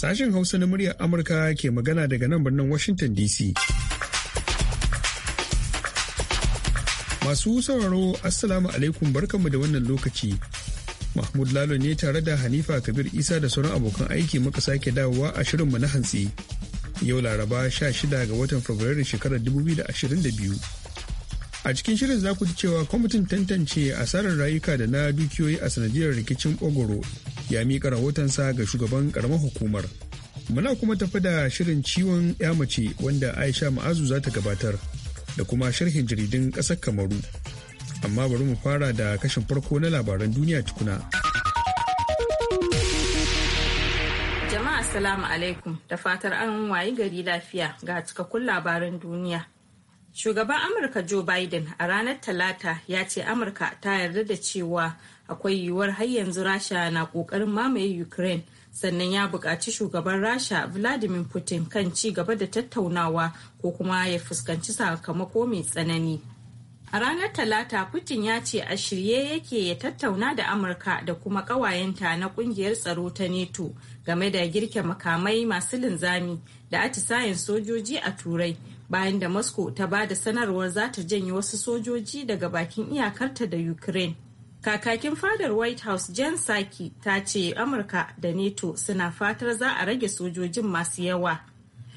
Sashen Hausa na muryar Amurka ke magana daga nan birnin Washington DC. Masu sauraro Assalamu alaikum barkanmu da wannan lokaci. Mahmud Lalo ne tare da Hanifa Kabir Isa da sauran abokan aiki muka sake dawowa a shirinmu na hantsi. Yau Laraba 16 ga watan Fabrairu shekarar 2022. a cikin shirin za ku ji cewa kwamitin tantance asarar rayuka da na dukiyoyi a sanadiyar rikicin ogoro ya miƙa rahotonsa ga shugaban ƙaramar hukumar muna kuma tafi da shirin ciwon ya mace wanda aisha ma'azu za ta gabatar da kuma sharhin jaridun ƙasar kamaru amma bari mu fara da kashin farko na labaran duniya tukuna jama'a salamu alaikum da fatar an wayi gari lafiya ga cikakkun labaran duniya Shugaban Amurka Joe Biden a ranar Talata ya ce Amurka ta yarda da cewa akwai yiwuwar har yanzu Rasha na ƙoƙarin mamaye Ukraine sannan ya buƙaci shugaban Rasha Vladimir Putin kan ci gaba da tattaunawa ko kuma ya fuskanci sakamako mai tsanani. A ranar Talata, Putin ya ce a shirye yake ya tattauna da Amurka da kuma ƙawayenta na ƙungiyar tsaro ta NATO game da girke makamai masu linzami da atisayen sojoji a Turai bayan da moscow ta ba da sanarwar za ta janye wasu sojoji daga bakin iyakarta da ukraine kakakin fadar white house jen saki ta ce amurka da NATO suna fatar za a rage sojojin masu yawa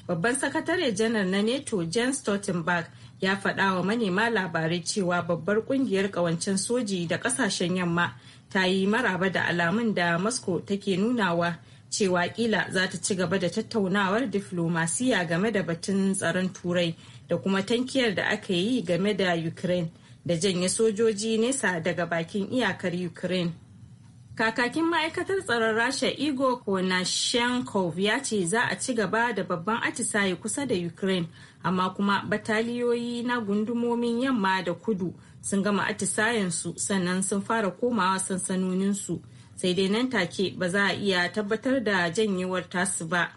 babban sakatare janar na NATO jen stoltenberg ya faɗa wa manema labarai cewa babbar kungiyar ƙawancen soji da ƙasashen yamma ta yi maraba da alamun da moscow take nunawa cewa kila za ta ci gaba da tattaunawar diflomasiya game da batun tsaron turai da kuma tankiyar da aka yi game da ukraine da janye sojoji nesa daga bakin iyakar ukraine kakakin ma'aikatar tsaron rasha igor konashenkov ya ce za a ci gaba da babban atisaye kusa da ukraine amma kuma bataliyoyi na gundumomin yamma da kudu sun gama atisayensu sannan sun fara komawa sansanoninsu sai dai nan take ba za a iya tabbatar da janyewar tasu ba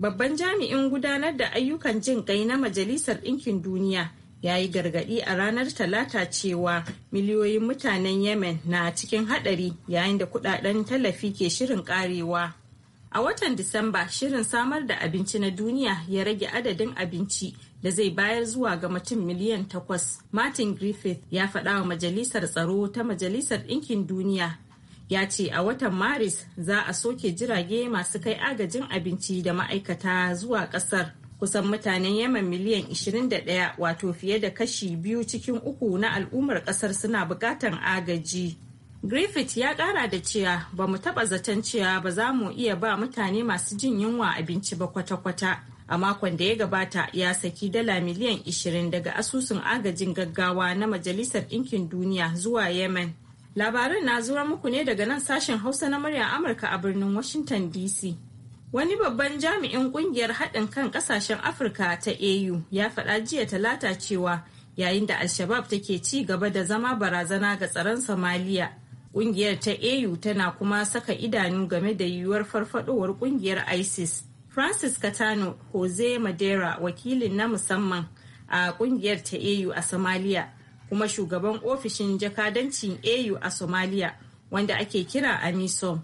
babban jami'in gudanar da ayyukan jin kai na majalisar ɗinkin duniya ya yi gargaɗi a ranar talata cewa miliyoyin mutanen yemen na cikin haɗari yayin da kudaden tallafi ke shirin karewa a watan disamba shirin samar da abinci na duniya ya rage adadin abinci da zai bayar zuwa ga mutum miliyan takwas martin griffith ya faɗa wa majalisar tsaro ta majalisar ɗinkin duniya ya ce a watan maris za a soke jirage masu kai agajin abinci da ma'aikata zuwa kasar kusan mutanen yaman miliyan 21 wato fiye da kashi biyu cikin uku na al'ummar kasar suna bukatan agaji griffith ya kara da cewa ba mu taba zaton cewa ba za mu iya ba mutane masu jin yunwa abinci ba kwata-kwata a makon da ya gabata ya saki dala miliyan 20 daga asusun agajin gaggawa na majalisar ɗinkin duniya zuwa yemen Labaran na zuwa muku ne daga nan sashen Hausa na murya Amurka a birnin Washington DC. Wani babban jami'in kungiyar haɗin kan ƙasashen Afirka ta AU ya faɗa jiya talata cewa yayin da Al-Shabab take ci gaba da zama barazana ga tsaron Somalia. Kungiyar ta AU tana kuma saka idanu game da yiwuwar farfadowar kungiyar ISIS. Francis Katano, Jose Madera, wakilin na musamman a kungiyar ta AU a Somalia, kuma shugaban ofishin jakadancin AU a Somalia wanda ake kira AMISOM.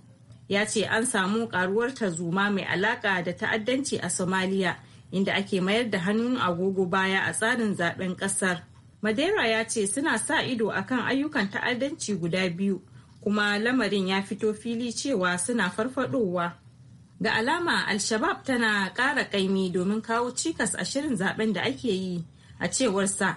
Ya ce an samu karuwar tarzoma mai alaka da ta'addanci a Somalia inda ake mayar da hannun agogo baya a tsarin zaben kasar. Madeira ya ce suna sa ido akan ayyukan ta'addanci guda biyu kuma lamarin ya fito fili cewa suna farfadowa. Ga alama Al-Shabab tana ƙara ƙaimi domin kawo cikas a shirin zaben da ake yi a cewarsa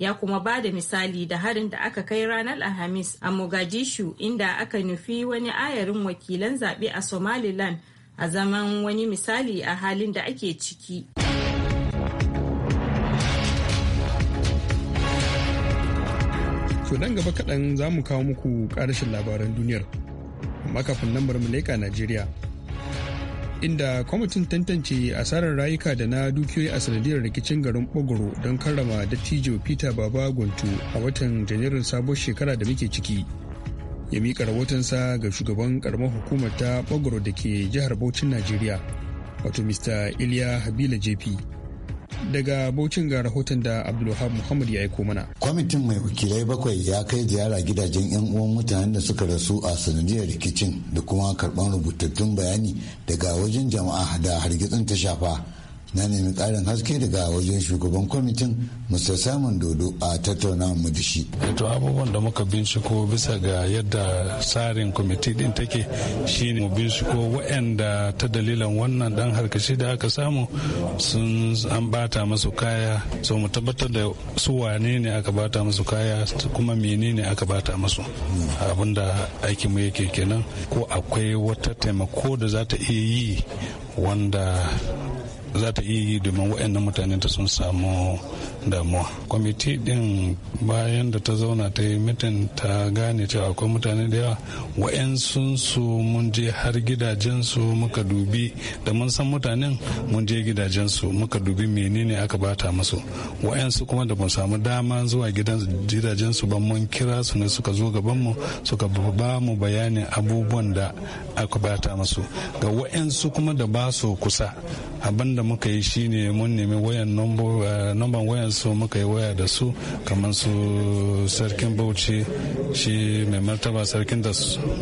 ya kuma ba da misali da harin da aka kai ranar alhamis a mogadishu inda aka nufi wani ayarin wakilan zaɓe a somaliland a zaman wani misali a halin da ake ciki to nan gaba kaɗan za mu kawo muku ƙarashin labaran duniyar makafin kafin nan mu leƙa najeriya inda kwamitin tantance asarar rayuka da na dukiyoyi a sanadiyar rikicin garin bogoro don karrama dattijo peter baba guntu a watan janairun sabon shekara da muke ciki ya miƙa rahotonsa ga shugaban karamar hukumar ta bogoro da ke jihar bauchin najeriya wato mr iliya habila jp. daga bocin ga rahoton da Abdulwahab Muhammad ya aiko mana. Kwamitin mai wakilai bakwai ya kai ziyara gidajen 'yan uwan mutanen da suka rasu a sanadiyar rikicin da kuma karɓar rubutattun bayani daga wajen jama'a da hargitsin ta shafa. na nemi ƙarin haske daga wajen shugaban kwamitin mr samun dodo a tattauna mu da shi to abubuwan da muka binciko bisa ga yadda tsarin kwamiti din take shine mu binciko waɗanda ta dalilan wannan dan harkashi da aka samu sun an bata masu kaya so mu tabbatar da su wane ne aka bata masu kaya kuma menene aka bata masu abinda aikin mu yake kenan ko akwai wata taimako da za ta iya yi wanda za ta iya yi domin waɗannan mutane ta sun samu damuwa kwamiti din bayan da ta zauna ta yi mitin ta gane cewa akwai mutane da yawa wa'yansu su mun je har gidajensu muka dubi da mun san mutanen mun je gidajensu muka dubi menene aka bata musu wa'yansu kuma da mun samu dama zuwa gidajensu ba mun kira su ne suka zo gabanmu suka ba mu bayanin abubuwan da aka bata musu ga wa'yansu kuma da ba su kusa abinda da muka yi shine mun nemi wayan numban eh, wayan su muka yi waya da su kamar su sarkin bauchi shi mai martaba sarkin da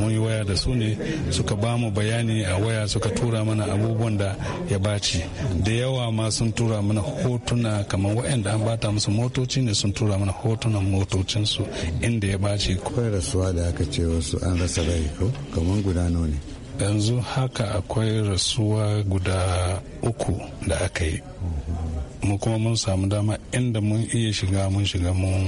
mun yi waya da su ne suka ba mu bayani a waya suka tura mana abubuwan da ya baci da yawa ma sun tura mana hotuna kamar da an bata musu motoci ne sun tura mana hotunan motocinsu inda ya baci ko rasuwa da aka ce an rasa rai ko kamar yanzu haka akwai rasuwa guda uku da aka yi mu kuma mun samu dama inda mun iya shiga mun shiga mun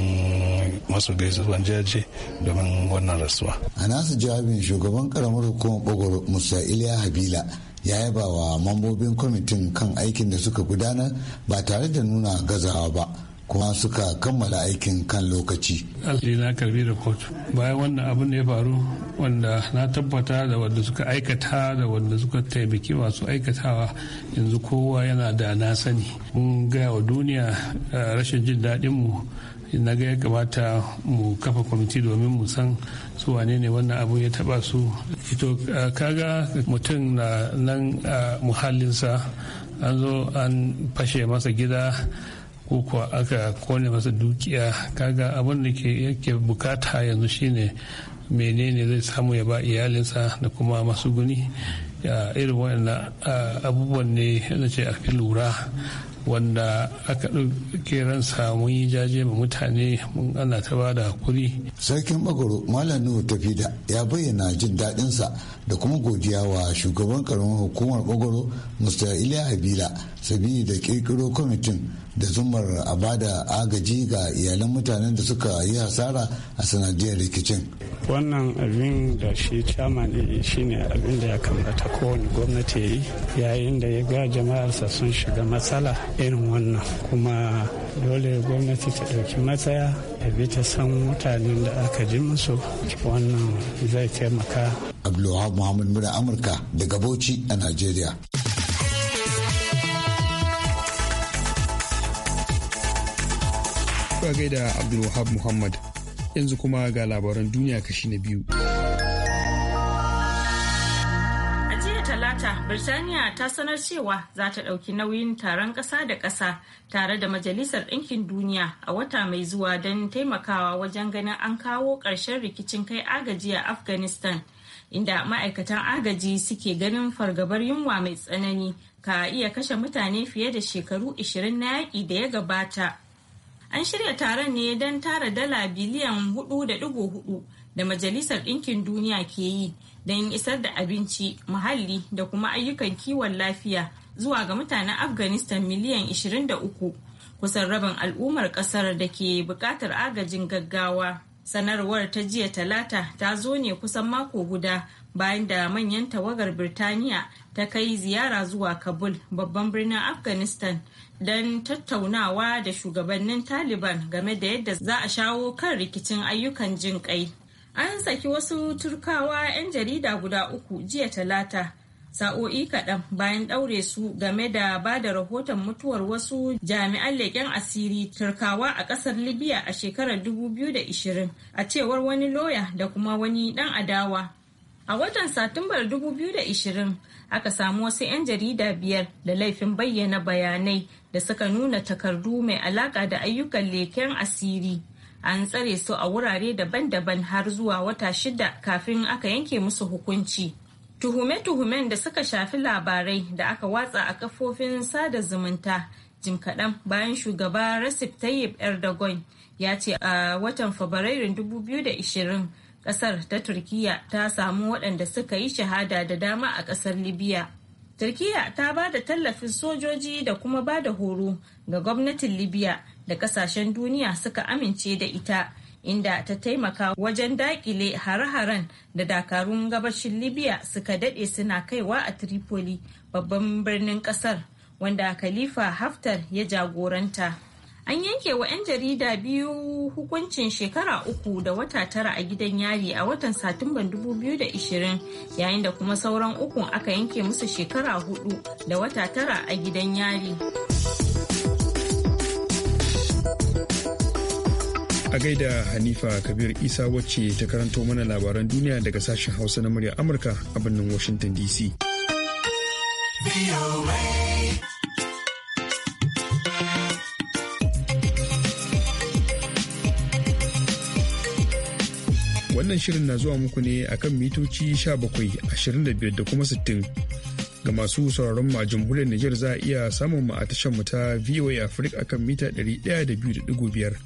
masu gaisuwan jaje domin wannan rasuwa a nasu jawabin shugaban karamar hukumar bogor musa iliya habila ya yaba wa mambobin kwamitin kan aikin da suka gudanar ba tare da nuna gazawa ba kuma suka kammala aikin kan lokaci. Alhaji na karbi da kotu. Bayan wannan abin da ya faru wanda na tabbata da wanda suka aikata da wanda suka taimaki masu aikatawa yanzu kowa yana da na sani. Mun gaya wa duniya eh, rashin jin daɗin mu na ga ya kamata mu kafa kwamiti domin mu san su wane ne wannan abu ya taba su ito eh, kaga mutum na nan muhallinsa an zo an fashe masa gida ko kuwa aka kone masa dukiya kaga abin da yake bukata yanzu shine menene zai samu ya ba iyalinsa da kuma masu guni irin waɗannan abubuwan ne na ce a fi lura wanda aka ɗauke ransa mun yi jaje ma mutane mun ana ta ba da hakuri. sarkin bagoro malam nuhu tafida ya bayyana jin daɗinsa da kuma godiya wa shugaban karamar hukumar bagoro mr iliya abila sabini da kirkiro kwamitin da zumar a ba da agaji ga iyalan mutanen da suka yi hasara a sanadiyar rikicin wannan abin da shi chairman ne shine abin da ya kamata kowane gwamnati ya yi yayin da ya ga jama'arsa sun shiga matsala irin wannan kuma dole gwamnati ta ɗauki matsaya ta bi ta san mutanen da aka ji musu wannan zai taimaka abdulwahab muhammad mura amurka daga bauchi a najeriya Kuka gaida Abdulwahab Muhammad yanzu kuma ga labaran duniya kashi na biyu. A jiya talata, Birtaniya ta sanar cewa za ta ɗauki nauyin taron ƙasa da ƙasa tare da Majalisar Ɗinkin Duniya a wata mai zuwa don taimakawa wajen ganin an kawo ƙarshen rikicin kai agaji a Afghanistan. Inda ma'aikatan agaji suke ganin fargabar yunwa mai tsanani ka iya kashe mutane fiye da shekaru 20 na yaƙi da ya gabata. An shirya taron ne don tara dala biliyan 4.4 da Majalisar Ɗinkin Duniya ke yi don isar da abinci, muhalli da kuma ayyukan kiwon lafiya zuwa ga mutanen Afghanistan miliyan 23 kusan rabin al'ummar ƙasar da ke buƙatar agajin gaggawa. Sanarwar ta jiya talata ta zo ne kusan mako guda bayan da manyan tawagar birtaniya ta kai ziyara zuwa kabul babban birnin afghanistan don tattaunawa da shugabannin taliban game da yadda za a shawo kan rikicin ayyukan jin kai an saki wasu turkawa 'yan jarida guda uku jiya talata sa'o'i kaɗan bayan ɗaure su game da ba da rahoton mutuwar wasu jami'an leƙen asiri turkawa a ƙasar libya a shekarar 2020 a cewar wani loya da kuma wani ɗan adawa A watan Satumbar 2020 aka samu wasu 'yan jarida biyar da laifin bayyana bayanai da suka nuna takardu mai alaka da ayyukan leken asiri. An tsare su a wurare daban-daban har zuwa wata shida kafin aka yanke musu hukunci. Tuhume-tuhumen da suka shafi labarai da aka watsa a kafofin sada zumunta jim kaɗan bayan shugaba Recep Tayyip Erdogan ya ce a watan Fabrairun 2020 Kasar ta Turkiya ta samu waɗanda suka yi shahada da dama a ƙasar Libya. Turkiya ta ba da tallafin sojoji da kuma ba da horo ga gwamnatin Libya da ƙasashen duniya suka amince da ita. inda ta taimaka wajen daƙile hare-haren da dakarun gabashin libya suka dade suna kaiwa a tripoli babban birnin ƙasar, wanda khalifa haftar ya jagoranta an yanke wa 'yan jarida biyu hukuncin shekara uku da wata tara a gidan yari a watan satumban 2020 yayin da kuma sauran uku aka yanke musu shekara hudu da wata tara a gidan yari a gaida hanifa kabir isa wacce ta karanto mana labaran duniya daga sashen hausa na murya amurka a birnin washington dc Wannan shirin na zuwa muku ne akan mitoci 17.25 da kuma 60. Ga masu sauraron mu a jamhuriyar Nijar za a iya samun mu a tashar mu ta VOA Africa akan mita 102.5.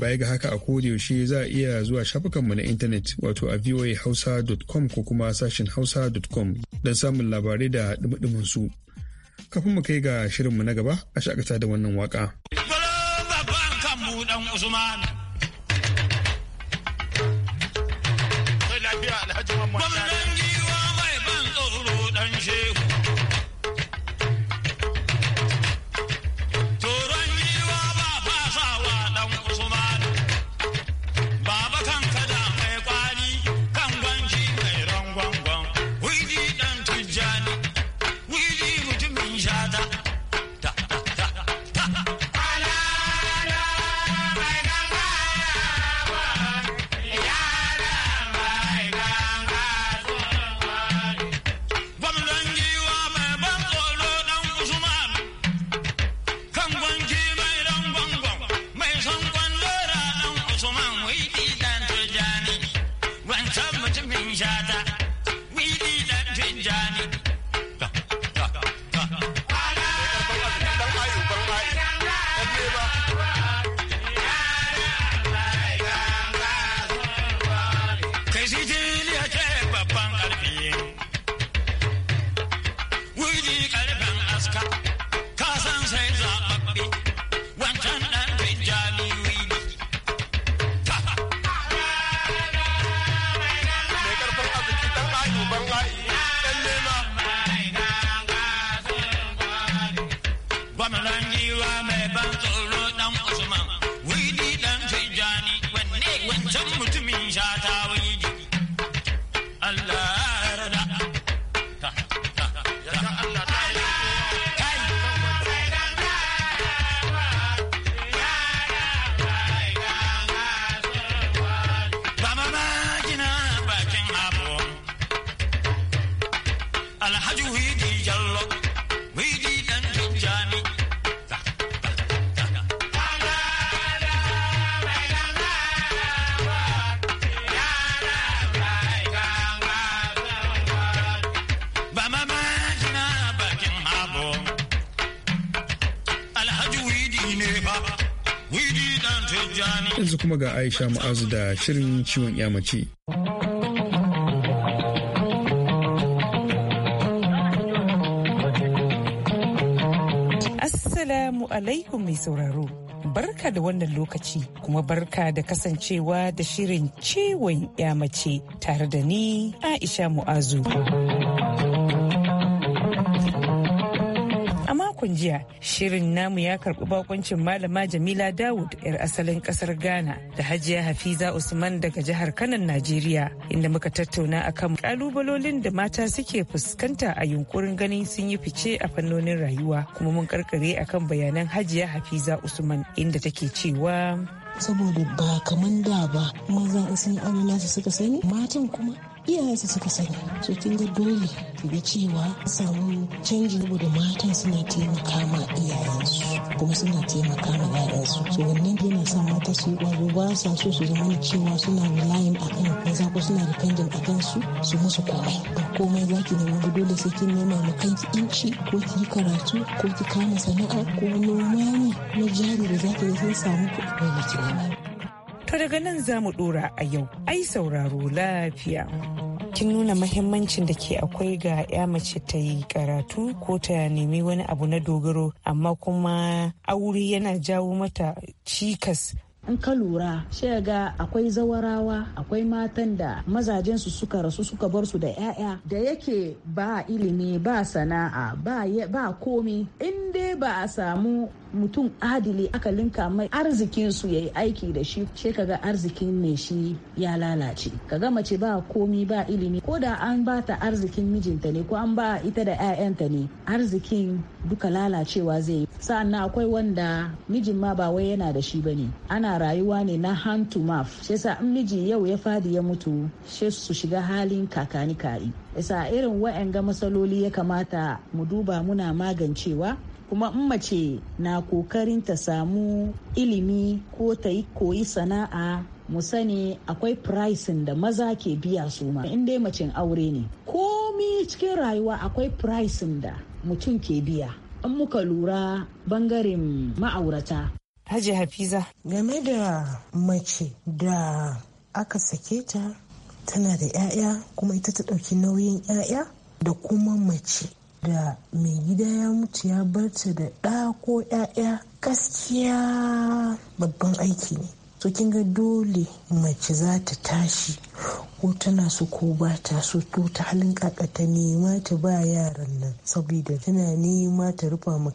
Baya ga haka a koda yaushe za a iya zuwa shafukan mu na intanet wato a voahausa.com ko kuma sashin hausa.com don samun labarai da dumudumin su. Kafin mu kai ga shirin mu na gaba a shakata da wannan waka. Usman. One a line. ga Aisha muazu da shirin ciwon mace. Assalamu alaikum mai sauraro. Barka da wannan lokaci kuma barka da kasancewa da shirin ciwon mace tare da ni Aisha Mu'azu. makon jiya shirin namu ya karbi bakoncin malama jamila dawud yar asalin kasar ghana da hajiya hafiza usman daga jihar kanan najeriya inda muka tattauna akan kalubalolin da mata suke fuskanta a yunkurin ganin sun yi fice a fannonin rayuwa kuma mun karkare akan bayanan hajiya hafiza usman inda take cewa saboda ba kaman da ba mazan sun aure suka sani matan kuma iyayensa suka sani so kin ga dole ga cewa samu canji saboda matan suna taimaka ma iyayensu kuma suna taimaka ma yayansu so wannan yana sa mata su kwazo ba sa so su zama cewa suna relying akan maza ko suna dependent akansu su su musu komai ba komai zaki nema ba dole sai kin nema ma kanki inci ko ki yi karatu ko ki kama sana'a ko noma ne na jari da ki ga samu kuɗi ne ki nema To daga nan za mu dora a yau, ai sauraro lafiya. Kin nuna mahimmancin da ke akwai ga ya mace ta yi karatu ko ta nemi wani abu na dogaro amma kuma aure yana jawo mata cikas in ka lura sai akwai zawarawa akwai matan da mazajensu suka rasu suka bar su da 'ya'ya da yake ba ilimi ba sana'a ba, ba komi in dai ba a samu mutum adili aka linka mai arzikin su yi aiki da shi ka ga arzikin mai shi ya lalace ka kaga mace ba komi ba ilimi ko da an ba ta arzikin mijinta ne ko an ba ita da 'ya'yanta ne arzikin duka lalacewa zai yi sa'an akwai wanda mijin ma ba wai yana da shi ba ne. ana rayuwa ne na hand to mouth shi sa in miji yau ya fadi ya mutu shi su shiga halin kakani kai yasa irin wa'anga masaloli ya kamata mu duba muna magancewa kuma in mace na kokarin ta samu ilimi ko ta yi koyi sana'a mu sani akwai pricing da maza ke biya su ma in dai mace aure ne komi cikin rayuwa akwai pricing da mutum ke biya in muka lura bangaren ma'aurata Haji Hafiza game da mace da aka sake ta tana da 'ya'ya kuma ita ta ɗauki nauyin 'ya'ya da kuma mace da mai gida ya mutu ya barta da ɗa ko 'ya'ya gaskiya babban aiki ne. So kin ga dole mace za ta tashi ko tana so ko ba ta so to ta halin kaka ta nema ta ba yaran nan saboda tana nema ta rufa ma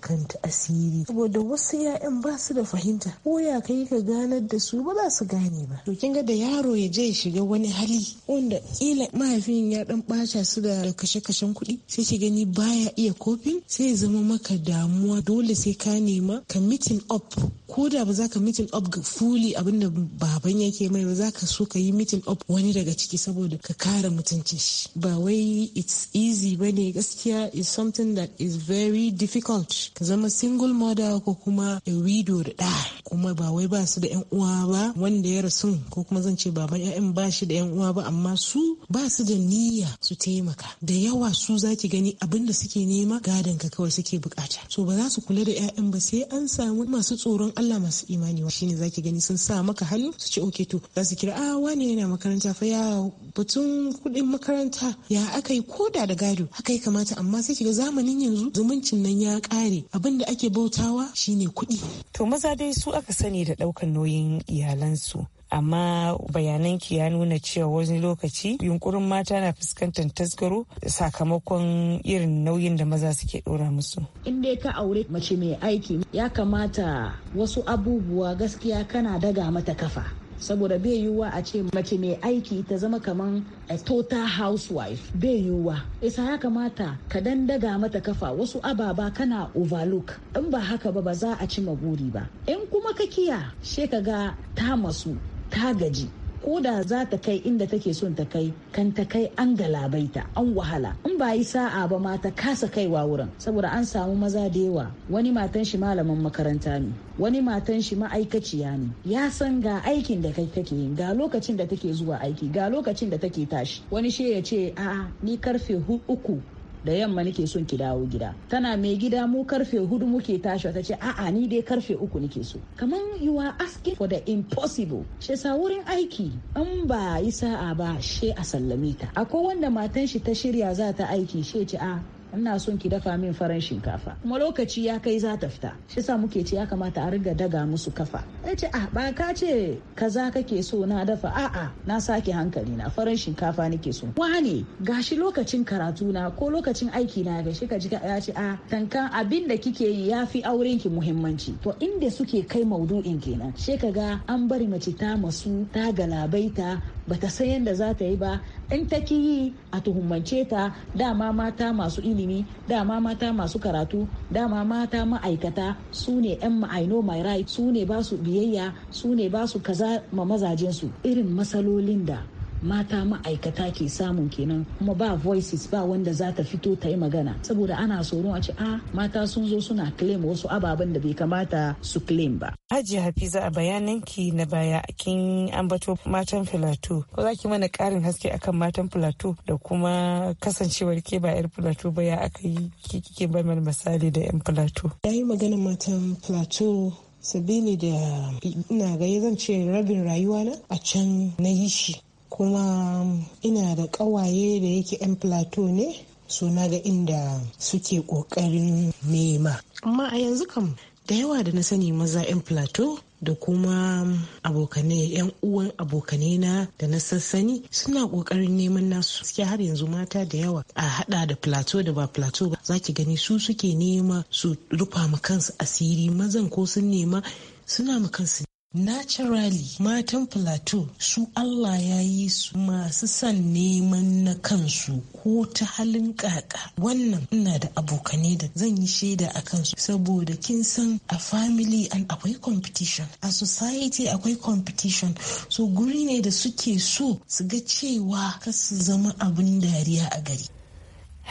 asiri saboda wasu 'ya'yan ba su da fahimta ko ya kai ka ganar da su ba za su gane ba to kin ga da yaro ya je shiga wani hali wanda kila mahaifin ya dan baca su da kashe-kashen kuɗi sai ki gani baya iya kofin sai zama maka damuwa dole sai ka nema ka meeting up ko da ba za ka meeting up ga fuli abinda baban yake mai yanzu za ka so ka yi mitin up wani daga ciki saboda ka kare mutunci shi ba wai it's easy ba ne gaskiya is something that is very difficult ka zama single mother ko kuma a widow da ɗa kuma ba wai ba su da yan uwa ba wanda ya rasu ko kuma zan ce baban yayan ba shi da yan uwa ba amma su ba su da niyya su taimaka da yawa su za ki gani abin da suke nema gadon ka kawai suke bukata so ba za su kula da yayan ba sai an samu masu tsoron Allah masu imani shine zaki gani sun sa maka hannu su ce okay to za su kira a ah, wane yana makaranta fa ya batun kudin makaranta ya aka yi koda da gado haka ya kamata amma sai shiga zamanin yanzu zumuncin nan ya kare abin da ake bautawa shine kudi. To maza dai su aka sani da ɗaukan nauyin iyalansu. amma bayanan ki ya nuna cewa wani lokaci yunkurin mata na fuskantar tasgaro sakamakon irin nauyin da maza suke dora musu. In dai ka aure mace mai aiki ya kamata wasu abubuwa gaskiya kana daga mata kafa. saboda bai yiwuwa a ce mace mai aiki ta zama kaman a total housewife bai yiwuwa isa ya kamata ka dandaga mata kafa wasu ababa kana overlook in ba haka ba ba za a ci maguri ba in kuma ka kiya she ga ta masu ta gaji koda za ta kai inda take son ta kai kan ta kai an galabaita an wahala in ba yi sa'a ba ma ta kasa kaiwa wurin saboda an samu maza da yawa wani matan shi malamin makaranta ne wani matan shi ma'aikaciya ne ya san ga aikin da kai take yi ga lokacin da take zuwa aiki ga lokacin da take tashi wani shi ya ce a'a ni karfe uku da yamma nake son ki dawo gida tana mai gida mu karfe hudu muke tashi ta ce a'a ni dai karfe uku nake so kaman you are asking for the impossible she sa wurin aiki in ba yi sa'a ba she a sallame ta akwai wanda matan shi ta shirya za ta aiki she ce a ina son ki dafa min farin shinkafa kuma lokaci ya kai za ta fita shi sa muke ce ya kamata a riga daga musu kafa ya ce ah ba ka ce kaza kake so na dafa a'a na sake hankali na farin shinkafa nake so wane gashi lokacin karatu na ko lokacin aiki na gashi ka ji ya ce a ah, tankan abin da kike yi ya fi auren ki muhimmanci to inda suke kai maudu'in kenan sai ka ga an bari mace ta masu ta galabaita bata san yadda za ta yi ba in ta ki yi a tuhumance ta dama mata masu ilimi dama mata masu karatu dama mata ma'aikata su ne 'yan ma'aino mai rai su ne ba su biyayya su ne ba su kaza ma mazajensu irin matsalolin da mata ma'aikata ke samun kenan kuma ba voices ba wanda za ta fito ta yi magana saboda ana tsoron a ce a ah, mata sun zo suna claim wasu ababen da bai kamata su claim ba. Hajiya Hafiza a bayananki na baya kin ambato matan filato ko za ki mana karin haske akan matan filato da kuma kasancewar ke ba yar filato ba ya aka yi kike ba misali da yan filato. Ya yi maganar matan filato sabili da ina ga zan ce rabin rayuwa na a can na yi shi kuma ina da ƙawaye da yake 'yan plateau ne suna ga inda suke ƙoƙarin nema amma a yanzu kam da yawa da na sani maza 'yan plateau da kuma abokanai yan uwan abokanai na da na sassani suna kokarin neman nasu suke har yanzu mata da yawa a hada da plateau da ba plateau ba za ki gani su suke nema su rufa ma kansu asiri mazan ko sun nema suna ma kansu Naturally matan plateau su Allah ya yi su masu san neman na kansu ko ta halin ƙaƙa. wannan ina da abokane da zan yi shaida a kansu saboda kin san a family an akwai competition a society akwai competition so guri ne da suke so su ga cewa ka su zama abin dariya a gari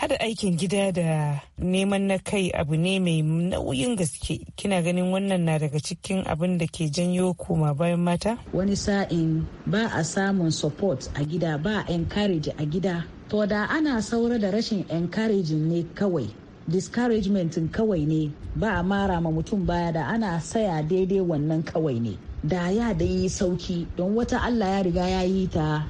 hada aikin gida da neman na kai abu ne mai nauyin gaske kina ganin wannan na daga cikin abin da ke janyo koma bayan mata wani sa'in ba a samun support a gida ba a encourage a gida to da ana saura da rashin encouraging ne kawai discouragement kawai ne ba a mara ma mutum baya da ana saya daidai wannan kawai ne da ya da yi sauki don wata allah ya riga ya yi ta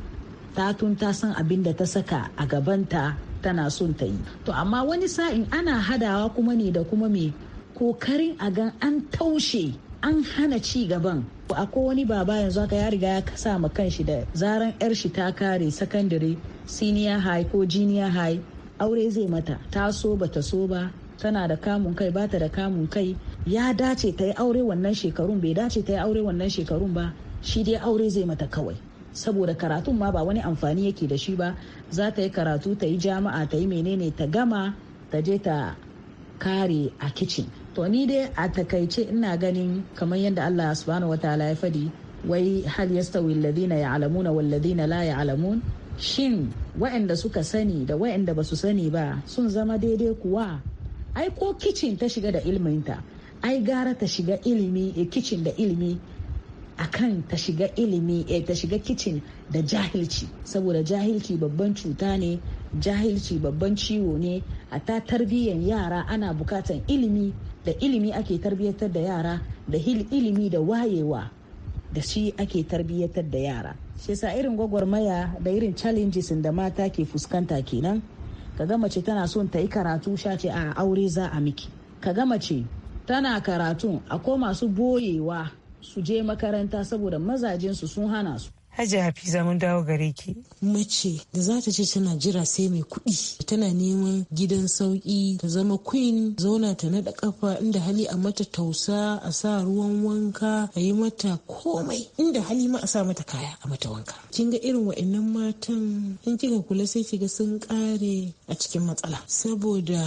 ta tun ta san abin da ta saka a gabanta tana son ta yi to amma wani sa'in ana hadawa kuma ne da kuma mai kokarin a ga an taushe an hana ci gaban akwai wani baba yanzu haka ya riga ya kasa ma kanshi da zaran yar shi ta kare sakandare senior high ko junior high aure zai mata ta so bata so ba tana da kamun kai bata da kamun kai ya dace ta yi aure wannan shekarun bai dace ta yi aure wannan shekarun ba shi dai aure zai mata kawai saboda karatun ma ba wani amfani yake da shi ba za ta yi karatu ta yi jama'a ta yi menene ta gama ta je ta kare a kicin to ni dai a takaice ina ganin kamar yadda allah subhanahu ta'ala ya fadi wai hal yastawi alladhina ya'lamuna ladina la ya'lamun shin wa'anda suka sani da wa'anda ba su sani ba sun zama daidai kuwa ai ko kicin ta shiga da ilminta ai gara ta shiga ilimi eh, kicin da ilimi akan ta shiga ilimi eh, ta shiga kicin da jahilci saboda jahilci babban cuta ne jahilci babban ciwo ne a ta tarbiyyar yara ana bukatan ilimi da ilimi ake tarbiyyatar da yara da hil ilimi da wayewa da shi ake tarbiyyatar da yara shi sa irin gwagwarmaya da irin challenges da mata ke fuskanta kenan ka ga mace tana son ta yi karatu sha a aure za a miki ka kaga mace tana karatu akwai masu boyewa su je makaranta saboda mazajensu sun hana su Hajji Hafiza mun dawo gare ki. Mace da za ta ce tana jira sai mai kuɗi tana neman gidan sauƙi ta zama queen zauna ta naɗa ƙafa inda hali a mata tausa a sa ruwan wanka a yi mata komai inda hali ma a sa mata kaya a mata wanka. Kin ga irin wa'annan matan in kika kula sai kiga sun ƙare a cikin matsala saboda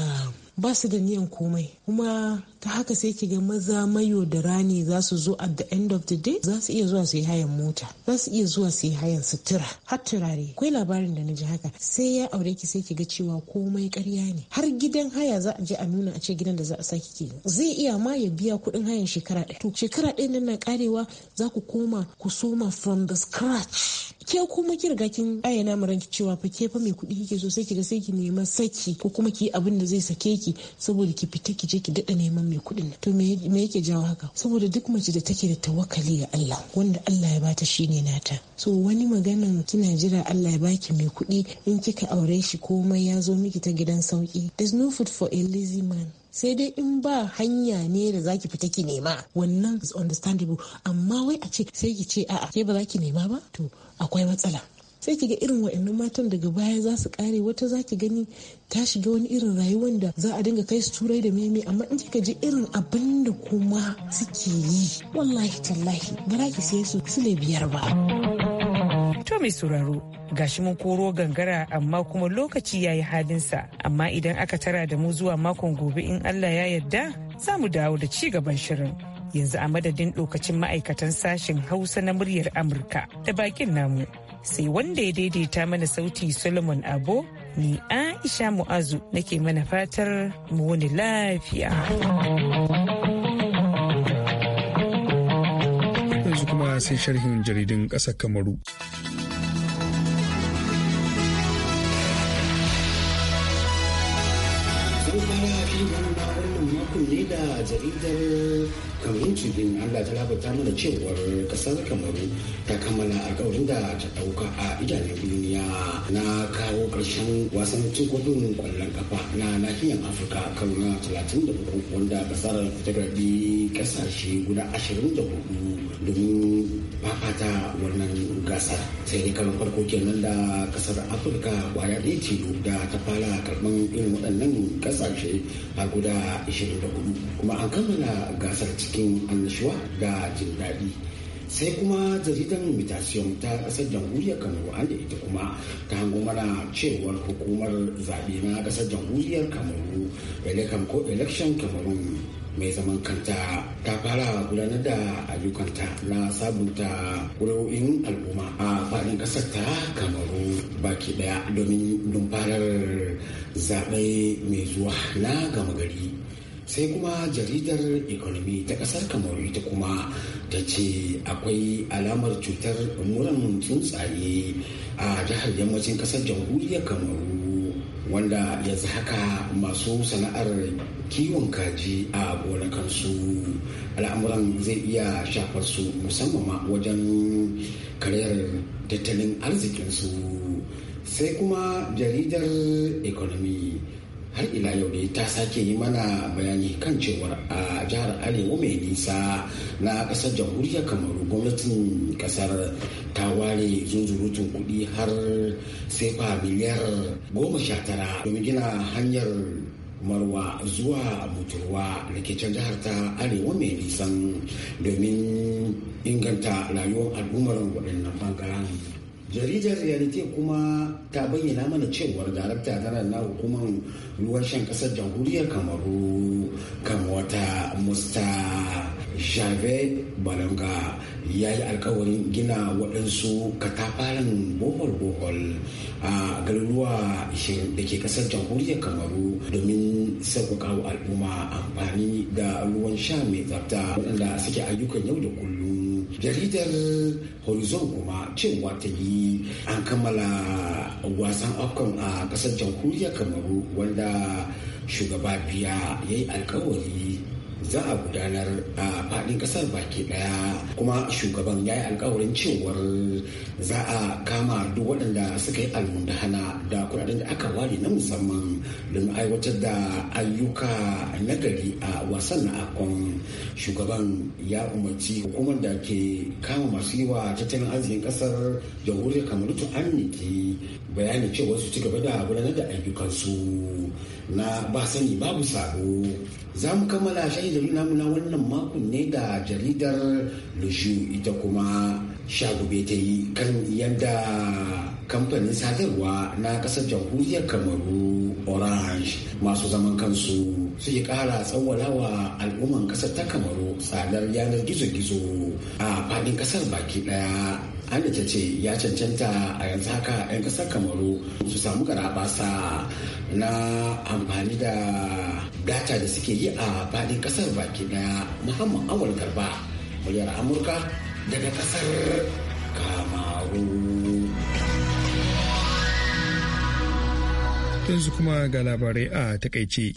ba su da niyan komai kuma ta haka sai ki ga maza mayo da rani za su zo at the end of the day za su iya zuwa su yi hayan mota za su iya zuwa su yi hayan sutura har turare akwai labarin da na ji haka sai ya aure ki sai ki ga cewa komai karya ne har gidan haya za a je a nuna a ce gidan da za a saki ke zai iya ma ya biya kuɗin hayan shekara ɗaya to shekara ɗaya nan na karewa za ku koma ku soma from the scratch ke kuma ki riga kin ayyana mu ranki cewa fa ke fa mai kuɗi kike so sai kiga sai ki nema saki ko kuma ki abin da zai sake ki saboda ki fita ki je ki dada neman mai kuɗin to me yake jawo haka saboda duk mace da take da tawakkali ga Allah wanda Allah ya bata shine nata so wani maganan kina jira Allah ya baki mai kuɗi in kika aure shi komai ya zo miki ta gidan sauki there's no food for a lazy man sai dai in ba hanya ne da zaki fita ki nema wannan is understandable amma wai a ce sai ki ce a'a ke ba za ki nema ba to akwai matsala sai ki ga irin wa'annan matan daga baya za su kare wata za ki gani ta shiga wani irin rayuwar da za a dinga kai su turai da meme amma in kika ji irin abinda da kuma suke yi wallahi tallahi ba za ki sai su ne biyar ba. mai sauraro gashi mun koro gangara amma kuma lokaci ya yi halinsa amma idan aka tara da mu zuwa makon gobe in Allah ya yarda za mu dawo da ci gaban shirin. Yanzu a madadin lokacin ma'aikatan sashen Hausa na muryar Amurka da bakin namu sai wanda ya daidaita mana sauti Solomon Abo ni Aisha Mu'azu nake mana fatar mu wani lafiya. Yanzu sai sharhin jaridin ƙasar Kamaru. nan wannan makon ne da jaridar kamarun tribune allah ta labarta mana cewar kasar kamaru ta kammala kaurin da ta dauka a idanun duniya na kawo karshen wasan kofin kwallon kafa na nahiyar afirka karo na 34 wanda kasar ta garbi kasashe guda 24 domin ta wannan gasa sai dai karon farko kenan da kasar afirka kwaya ɗaya tilo da ta fara karɓar irin waɗannan ƙasashe a guda 24 kuma an kammala gasar cikin annashuwa da jin daɗi sai kuma jaridar mutation ta ƙasar jamhuriyar kamaru an da ita kuma ta hango mana cewar hukumar zaɓe na ƙasar jamhuriyar kamaru election kamaru mai zaman kanta ta fara gudanar da ayyukanta na sabunta kuri'o'in al'umma a faɗin ƙasar ta kamaru baki ɗaya domin dumfarar zaɓe mai zuwa na gama gari sai kuma jaridar economy ta ƙasar kamaru ita kuma ta ce akwai alamar cutar muran tsuntsaye a jihar yammacin kasar jamhuriyar kamaru wanda yanzu haka masu sana'ar kiwon kaji a gonakansu al'amuran zai iya shafar su musamman wajen karyar tattalin arzikinsu sai kuma jaridar economy har ila yau ne ta sake yi mana bayani kan cewar a jihar arewa mai nisa na kasar jamhuriyar kamaru gwamnatin kasar ta ware zunzurutun kuɗi har sai fa miliyar goma sha tara domin gina hanyar marwa zuwa buturwa da ke can jihar ta arewa mai nisan domin inganta rayuwar al'ummar waɗannan bangaren jaridar realite kuma ta bayyana mana cewar darakta tana na hukumar ruwan shan kasar jamhuriyar kamaru kan wata musta javet balanga ya yi alkawarin gina waɗansu katafaren bohol-bohol a garuruwa da ke kasar jamhuriyar kamaru domin sauƙaƙa kawo al'umma amfani da ruwan sha mai tsafta waɗanda suke ayyukan yau da kullum jaridar horizon kuma cewa ta yi an kammala wasan afkan a kasar jamhuriya kamaru wanda shugaba biya ya yi alkawari za a gudanar a faɗin ƙasar baki ɗaya kuma shugaban ya yi alkawarin cewar za a kama duk waɗanda suka yi almundahana da kudaden da aka ware na musamman don aiwatar da ayyuka nagari a wasan na akon shugaban ya umarci hukumar da ke kama masu yi wa tattalin arzikin kasar jamhuriyar kamar ta ke, bayani cewa su ci gaba da gudanar da ayyukansu na ba sani babu sabo za mu kammala shaidar namu na wannan makon ne da jaridar lushu ita kuma shagube ta yi kan yadda kamfanin sadarwa na kasar jamhuriyar kamaru orange masu zaman kansu suke kara tsawwala al'umman kasar ta kamaru tsadar yanar gizo-gizo a faɗin kasar baki ɗaya. An ta ce ya cancanta a yanzu haka 'yan kasar kamaru su samu garabasa na amfani da data da suke yi a faɗin kasar baki ɗaya muhammad awal garba muryar amurka daga kasar kamaru yanzu kuma ga labarai a takaice.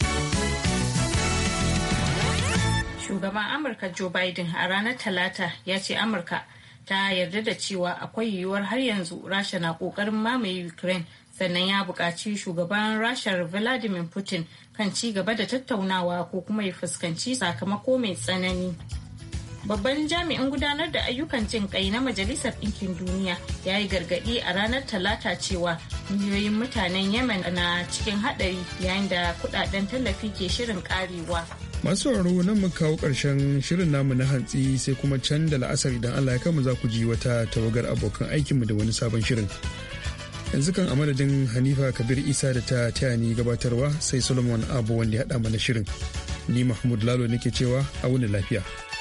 Shugaban Amurka Joe Biden a ranar Talata ya ce Amurka ta yarda da cewa akwai yiwuwar har yanzu Rasha na ƙoƙarin mamaye Ukraine sannan ya buƙaci shugaban Rashar Vladimir Putin kan ci gaba da tattaunawa ko kuma ya fuskanci sakamako mai tsanani. babban jami'in gudanar da ayyukan jin kai na majalisar ɗinkin duniya ya yi gargaɗi a ranar talata cewa miliyoyin mutanen yemen na cikin haɗari yayin da kudaden tallafi ke shirin karewa masu sauraro nan mu kawo ƙarshen shirin namu na hantsi sai kuma can da la'asar idan allah ya kama za ku ji wata tawagar abokan aikinmu da wani sabon shirin yanzu kan a madadin hanifa kabir isa da ta taya ni gabatarwa sai solomon abu wanda ya haɗa mana shirin ni mahmud lalo nake cewa a wuni lafiya